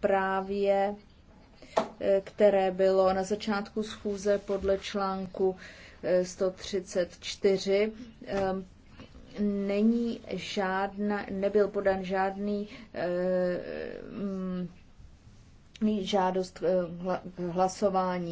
právě, eh, které bylo na začátku schůze podle článku 134. Eh, eh, není žádna, nebyl podan žádný mm, žádost k hlasování.